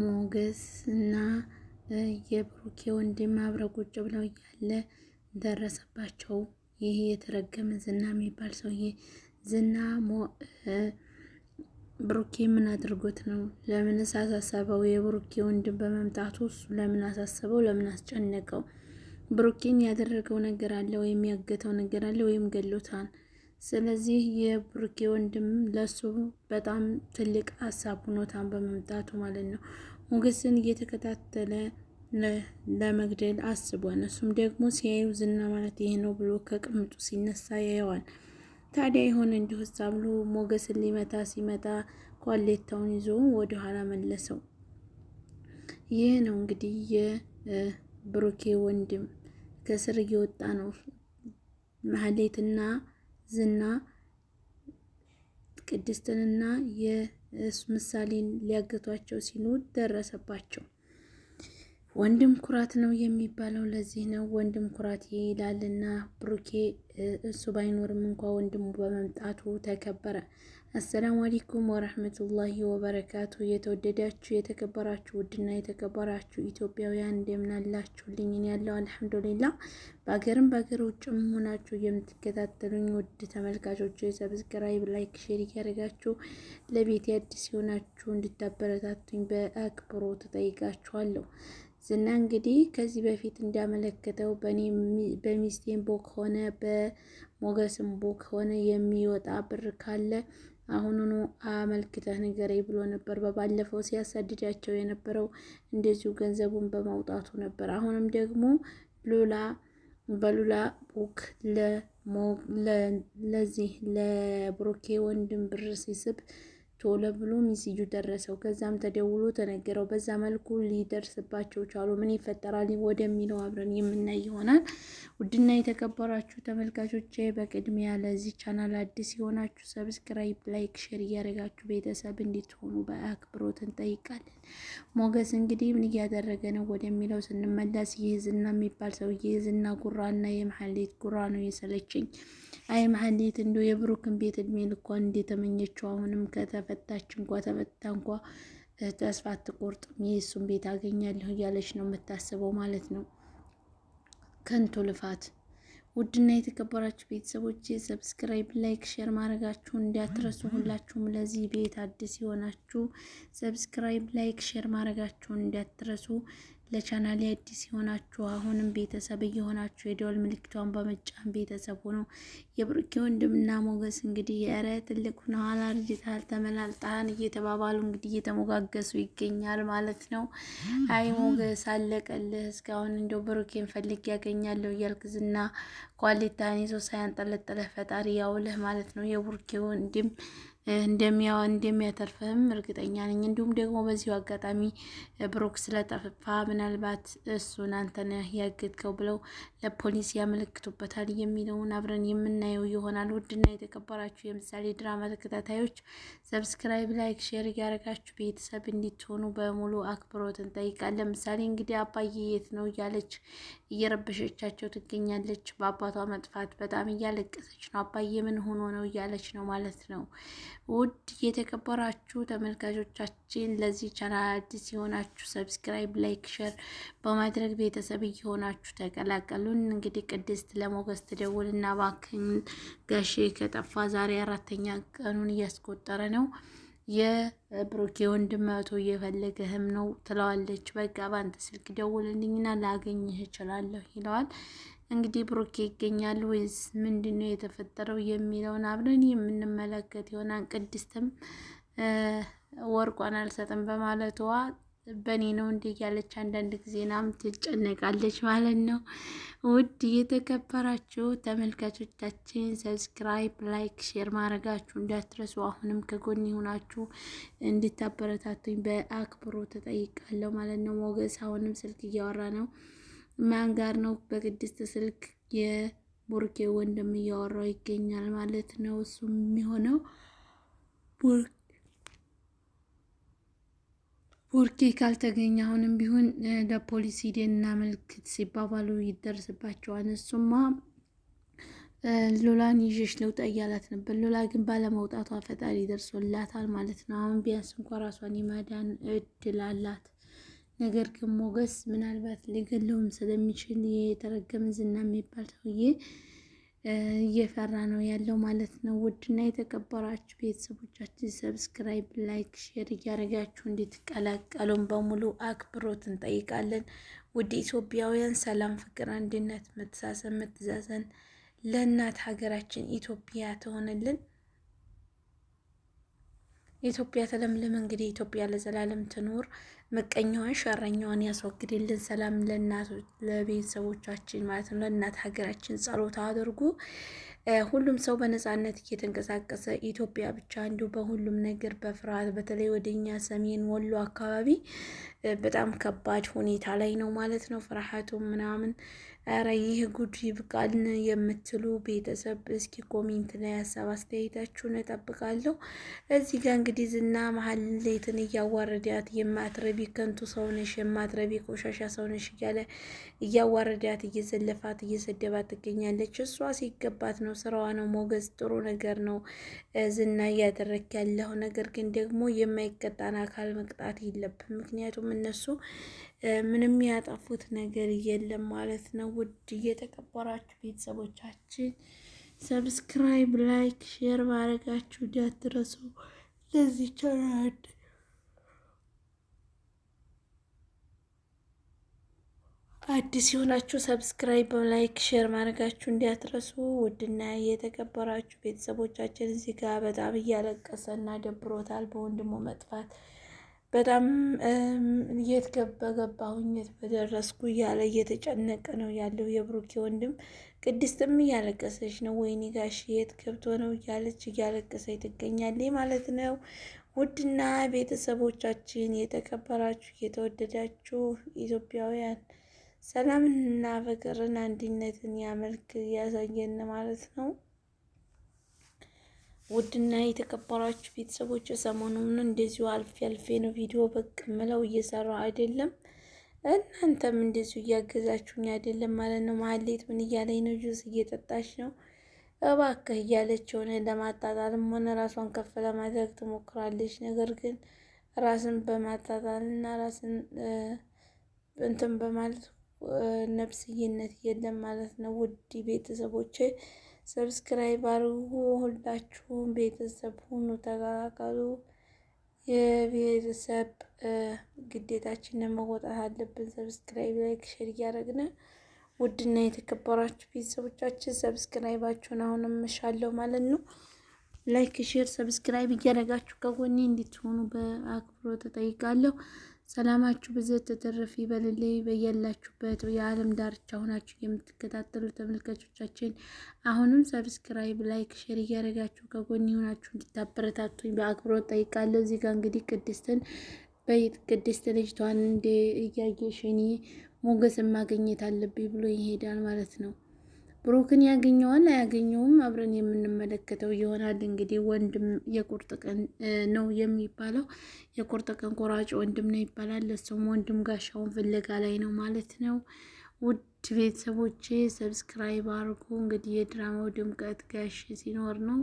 ሞገስ እና የብሩኬ ወንድም አብረው ቁጭ ብለው እያለ ደረሰባቸው። ይህ የተረገመ ዝና የሚባል ሰውዬ ዝና ብሩኬ ምን አድርጎት ነው? ለምን አሳሰበው? የብሩኬ ወንድም በመምጣቱ እሱ ለምን አሳሰበው? ለምን አስጨነቀው? ብሩኬን ያደረገው ነገር አለ ወይም ያገተው ነገር አለ ወይም ገሎታል። ስለዚህ የብሩኬ ወንድም ለሱ በጣም ትልቅ ሀሳብ ሁኖታን በመምጣቱ ማለት ነው። ሞገስን እየተከታተለ ለመግደል አስቧል። እሱም ደግሞ ሲያዩ ዝና ማለት ይሄ ነው ብሎ ከቅምጡ ሲነሳ ያየዋል። ታዲያ የሆነ እንዲሁ ሳብሎ ሞገስን ሊመታ ሲመጣ ኳሌታውን ይዞ ወደኋላ መለሰው። ይህ ነው እንግዲህ የብሩኬ ወንድም ከስር እየወጣ ነው መሀሌትና ዝና ቅድስትንና ምሳሌን ሊያገቷቸው ሲሉ ደረሰባቸው። ወንድም ኩራት ነው የሚባለው ለዚህ ነው። ወንድም ኩራት ይላልና ብሩኬ እሱ ባይኖርም እንኳ ወንድሙ በመምጣቱ ተከበረ። አሰላሙ አለይኩም ወረህመቱላሂ ወበረካቱ። የተወደዳችሁ የተከበራችሁ ውድና የተከበራችሁ ኢትዮጵያውያን እንደምን አላችሁልኝ? እኔ ያለው አልሐምዱሊላ። በሀገርም በሀገር ውጭም ሆናችሁ የምትከታተሉኝ ውድ ተመልካቾች ሰብስክራይብ፣ ላይክ፣ ሼር እያደረጋችሁ ለቤት አዲስ የሆናችሁ እንድታበረታቱኝ በአክብሮት እጠይቃችኋለሁ። ዝና እንግዲህ ከዚህ በፊት እንዳመለከተው በእኔ በሚስቴን ቦክ ሆነ በሞገስን ቦክ ሆነ የሚወጣ ብር ካለ አሁኑኑ አመልክተህ ንገረኝ ብሎ ነበር። በባለፈው ሲያሳድዳቸው የነበረው እንደዚሁ ገንዘቡን በማውጣቱ ነበር። አሁንም ደግሞ ሉላ በሉላ ቡክ ለዚህ ለብሩኬ ወንድም ብር ሲስብ ቶሎ ብሎ ሚስዩ ደረሰው። ከዛም ተደውሎ ተነገረው። በዛ መልኩ ሊደርስባቸው ቻሉ። ምን ይፈጠራል ወደሚለው አብረን የምናይ ይሆናል። ውድና የተከበራችሁ ተመልካቾች በቅድሚያ ለዚህ ቻናል አዲስ የሆናችሁ ሰብስክራይብ፣ ላይክ፣ ሼር እያደረጋችሁ ቤተሰብ እንድትሆኑ በአክብሮት እንጠይቃለን። ሞገስ እንግዲህ ምን እያደረገ ነው ወደሚለው ስንመለስ ይህ ዝና የሚባል ይህ ዝና ጉራና የመሐሌት ጉራ ነው የሰለችኝ። አይ መሀሌት እንዶ የብሩክን ቤት እድሜ ልኳ እንደተመኘችው አሁንም ከተፈታች እንኳ ተፈታ እንኳ ተስፋ አትቆርጥም። የእሱን ቤት አገኛለሁ እያለች ነው የምታስበው ማለት ነው። ከንቱ ልፋት። ውድና የተከበራችሁ ቤተሰቦች ሰብስክራይብ፣ ላይክ፣ ሼር ማድረጋችሁን እንዳትረሱ። ሁላችሁም ለዚህ ቤት አዲስ የሆናችሁ ሰብስክራይብ፣ ላይክ፣ ሼር ማድረጋችሁን እንዳትረሱ። ለቻናል አዲስ የሆናችሁ አሁንም ቤተሰብ እየሆናችሁ የደወል ምልክቷን በመጫን ቤተሰብ ሆኖ የብሩኬ ወንድምና ሞገስ እንግዲህ የረ ትልቅ ሆነሃል፣ አርጅተሃል፣ ተመላልጠሃል እየተባባሉ እንግዲህ እየተሞጋገሱ ይገኛል ማለት ነው። አይ ሞገስ አለቀልህ፣ እስካሁን እንደው ብሩኬን ፈልግ ያገኛለሁ እያልክዝና ኳሊታን ይዞ ሳያንጠለጠለህ ፈጣሪ ያውልህ ማለት ነው የብሩኬ ወንድም እንደሚያው እንደሚያተርፍህም እርግጠኛ ነኝ። እንዲሁም ደግሞ በዚሁ አጋጣሚ ብሩክ ስለጠፋ ምናልባት እሱን አንተን ያገድከው ብለው ለፖሊስ ያመለክቱበታል የሚለውን አብረን የምናየው ይሆናል። ውድና የተከበራችሁ የምሳሌ ድራማ ተከታታዮች ሰብስክራይብ፣ ላይክ፣ ሼር እያደረጋችሁ ቤተሰብ እንዲትሆኑ በሙሉ አክብሮት እንጠይቃለን። ምሳሌ እንግዲህ አባዬ የት ነው እያለች እየረበሸቻቸው ትገኛለች። በአባቷ መጥፋት በጣም እያለቀሰች ነው። አባዬ ምን ሆኖ ነው እያለች ነው ማለት ነው። ውድ የተከበራችሁ ተመልካቾቻችን ለዚህ ቻናል አዲስ የሆናችሁ ሰብስክራይብ፣ ላይክ፣ ሸር በማድረግ ቤተሰብ እየሆናችሁ ተቀላቀሉን። እንግዲህ ቅድስት ለሞገስ ትደውል እና እባክህን ጋሼ ከጠፋ ዛሬ አራተኛ ቀኑን እያስቆጠረ ነው የብሩኬ ወንድም መቶ እየፈለገህም ነው ትለዋለች። በቃ በአንተ ስልክ ደውልልኝና ላገኝህ እችላለሁ ይለዋል። እንግዲህ ብሩኬ ይገኛል ወይስ ምንድን ነው የተፈጠረው የሚለውን አብረን የምንመለከት ይሆናል። ቅድስትም ወርቋን አልሰጥም በማለትዋ በእኔ ነው እንዲህ እያለች አንዳንድ ጊዜ ናም ትጨነቃለች ማለት ነው። ውድ የተከበራችሁ ተመልካቾቻችን ሰብስክራይብ፣ ላይክ፣ ሼር ማድረጋችሁ እንዳትረሱ። አሁንም ከጎን ሆናችሁ እንድታበረታቱኝ በአክብሮ ተጠይቃለሁ ማለት ነው። ሞገስ አሁንም ስልክ እያወራ ነው። ማን ጋር ነው? በቅድስት ስልክ የቡርኬ ወንድም እያወራው ይገኛል ማለት ነው። እሱም የሚሆነው ቡርኬ ቡርኬ ካልተገኘ አሁንም ቢሆን ለፖሊስ ሂደን እናመልክት ሲባባሉ ይደርስባቸዋል። እሱማ ሉላን ይዤሽ ልውጣ እያላት ነበር። ሉላ ግን ባለመውጣቷ ፈጣሪ ደርሶላታል ማለት ነው። አሁን ቢያንስ እንኳ ራሷን የማዳን እድል አላት። ነገር ግን ሞገስ ምናልባት ሊገለውም ስለሚችል የተረገመ ዝና የሚባል ሰውዬ እየፈራ ነው ያለው ማለት ነው። ውድና የተከበራችሁ ቤተሰቦቻችን ሰብስክራይብ፣ ላይክ፣ ሼር እያደረጋችሁ እንድትቀላቀሉን በሙሉ አክብሮት እንጠይቃለን። ውድ ኢትዮጵያውያን ሰላም፣ ፍቅር፣ አንድነት፣ መተሳሰብ፣ መተዛዘን ለእናት ሀገራችን ኢትዮጵያ ተሆነልን። ኢትዮጵያ ተለምልም እንግዲህ ኢትዮጵያ ለዘላለም ትኑር። ምቀኛዋን ሸረኛዋን ያስወግድልን። ሰላም ለእናት ለቤተሰቦቻችን ማለት ነው። ለእናት ሀገራችን ጸሎት አድርጉ። ሁሉም ሰው በነጻነት እየተንቀሳቀሰ ኢትዮጵያ ብቻ እንዲሁ በሁሉም ነገር በፍርሃት በተለይ ወደኛ ሰሜን ወሎ አካባቢ በጣም ከባድ ሁኔታ ላይ ነው ማለት ነው። ፍርሃቱም ምናምን ኧረ ይህ ጉድ ይብቃን የምትሉ ቤተሰብ እስኪ ኮሜንት ላይ ሀሳብ አስተያየታችሁን እጠብቃለሁ። እዚህ ጋር እንግዲህ ዝና ማህሌትን እያዋረዳት የማትረቢ ከንቱ ሰውነሽ፣ የማትረቢ ቆሻሻ ሰውነሽ እያለ እያዋረዳት፣ እየዘለፋት፣ እየሰደባት ትገኛለች። እሷ ሲገባት ነው፣ ስራዋ ነው፣ ሞገዝ ጥሩ ነገር ነው ዝና እያደረግ ያለው ነገር ግን ደግሞ የማይቀጣን አካል መቅጣት የለብን። ምክንያቱም እነሱ ምንም ያጠፉት ነገር የለም ማለት ነው። ውድ እየተከበራችሁ ቤተሰቦቻችን ሰብስክራይብ፣ ላይክ፣ ሼር ማድረጋችሁ እንዳትረሱ። ለዚህ ቻናል አዲስ የሆናችሁ ሰብስክራይብ፣ ላይክ፣ ሼር ማድረጋችሁ እንዳትረሱ። ውድና የተከበራችሁ ቤተሰቦቻችን እዚህ ጋር በጣም እያለቀሰ እና ደብሮታል በወንድሙ መጥፋት በጣም የት ገባ ገባሁኝ የት በደረስኩ እያለ እየተጨነቀ ነው ያለው የብሩኬ ወንድም። ቅድስትም እያለቀሰች ነው። ወይኔ ጋሽ የት ገብቶ ነው እያለች እያለቀሰች ትገኛለች ማለት ነው። ውድና ቤተሰቦቻችን የተከበራችሁ የተወደዳችሁ ኢትዮጵያውያን ሰላምንና ፍቅርን አንድነትን ያመልክ እያሳየን ማለት ነው። ውድና የተከበራችሁ ቤተሰቦች ሰሞኑን እንደዚሁ አልፌ አልፌ ነው ቪዲዮ በቅ ምለው እየሰራው አይደለም። እናንተም እንደዚሁ እያገዛችሁኝ አይደለም ማለት ነው። ማህሌት ምን እያለኝ ነው? ጁስ እየጠጣች ነው እባክህ እያለች የሆነ ለማጣጣልም ሆነ ራሷን ከፍ ለማድረግ ትሞክራለች። ነገር ግን ራስን በማጣጣልና ራስን እንትን በማለት ነፍስዬነት የለም ማለት ነው። ውድ ቤተሰቦቼ ሰብስክራይብ አድርጉ። ሁላችሁም ቤተሰብ ሁኑ፣ ተቀላቀሉ። የቤተሰብ ግዴታችንን መወጣት አለብን። ሰብስክራይብ፣ ላይክ፣ ሼር እያደረግን ውድና የተከበራችሁ ቤተሰቦቻችን ሰብስክራይባችሁን አሁን እሻለሁ ማለት ነው። ላይክ፣ ሼር፣ ሰብስክራይብ እያደረጋችሁ ከጎኔ እንድትሆኑ በአክብሮት ተጠይቃለሁ። ሰላማችሁ ብዘት ተተረፍ ይበልልኝ። በያላችሁበት የዓለም ዳርቻ ሆናችሁ የምትከታተሉ ተመልካቾቻችን አሁንም ሰብስክራይብ፣ ላይክ፣ ሼር እያደረጋችሁ ከጎን የሆናችሁ እንድታበረታቱኝ በአክብሮት ጠይቃለሁ። እዚህ ጋር እንግዲህ ቅድስትን በቅድስት ልጅቷን እንደ እያየሽ እኔ ሞገስን ማግኘት አለብኝ ብሎ ይሄዳል ማለት ነው። ብሩክን ያገኘዋል አያገኘውም አብረን የምንመለከተው ይሆናል። እንግዲህ ወንድም የቁርጥ ቀን ነው የሚባለው፣ የቁርጥ ቀን ቆራጭ ወንድም ነው ይባላል። እሱም ወንድም ጋሻውን ፍለጋ ላይ ነው ማለት ነው። ውድ ቤተሰቦቼ ሰብስክራይብ አድርጉ። እንግዲህ የድራማው ድምቀት ጋሽ ሲኖር ነው።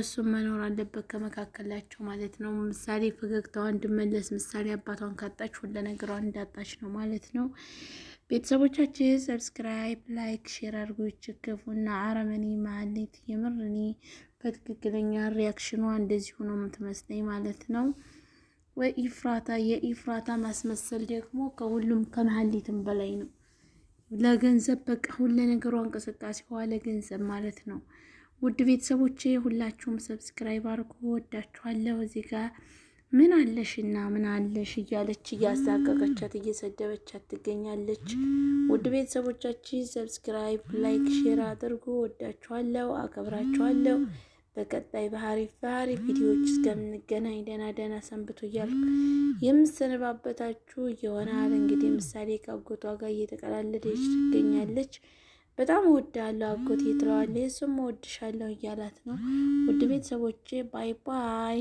እሱም መኖር አለበት ከመካከላቸው ማለት ነው። ምሳሌ ፈገግታዋ እንድመለስ ምሳሌ አባቷን ካጣች ሁለ ነገሯን እንዳጣች ነው ማለት ነው። ቤተሰቦቻችን ሰብስክራይብ፣ ላይክ፣ ሼር አድርጎች ክፉና አረመኔ ማለት የምር እኔ በትክክለኛ ሪያክሽኗ እንደዚህ ሆኖ የምትመስለኝ ማለት ነው። ወይ ኢፍራታ የኢፍራታ ማስመሰል ደግሞ ከሁሉም ከመሀሊትም በላይ ነው። ለገንዘብ በቃ ሁለ ነገሯ እንቅስቃሴዋ ለገንዘብ ማለት ነው። ውድ ቤተሰቦቼ ሁላችሁም ሰብስክራይብ አርጎ ወዳችኋለሁ እዚህ ጋር ምን አለሽና ምን አለሽ እያለች እያሳቀቀቻት እየሰደበቻት ትገኛለች። ውድ ቤተሰቦቻችን ሰብስክራይብ፣ ላይክ፣ ሼር አድርጉ። ወዳችኋለሁ፣ አከብራችኋለሁ። በቀጣይ በሀሪፍ በሀሪፍ ቪዲዮዎች እስከምንገናኝ ደህና ደህና ሰንብቱ እያልኩ የምሰነባበታችሁ ይሆናል። እንግዲህ ምሳሌ ከአጎቷ ጋር እየተቀላለደች ትገኛለች። በጣም እወድሃለሁ አጎቴ ትለዋለች። እሱም እወድሻለሁ እያላት ነው። ውድ ቤተሰቦቼ ባይ ባይ።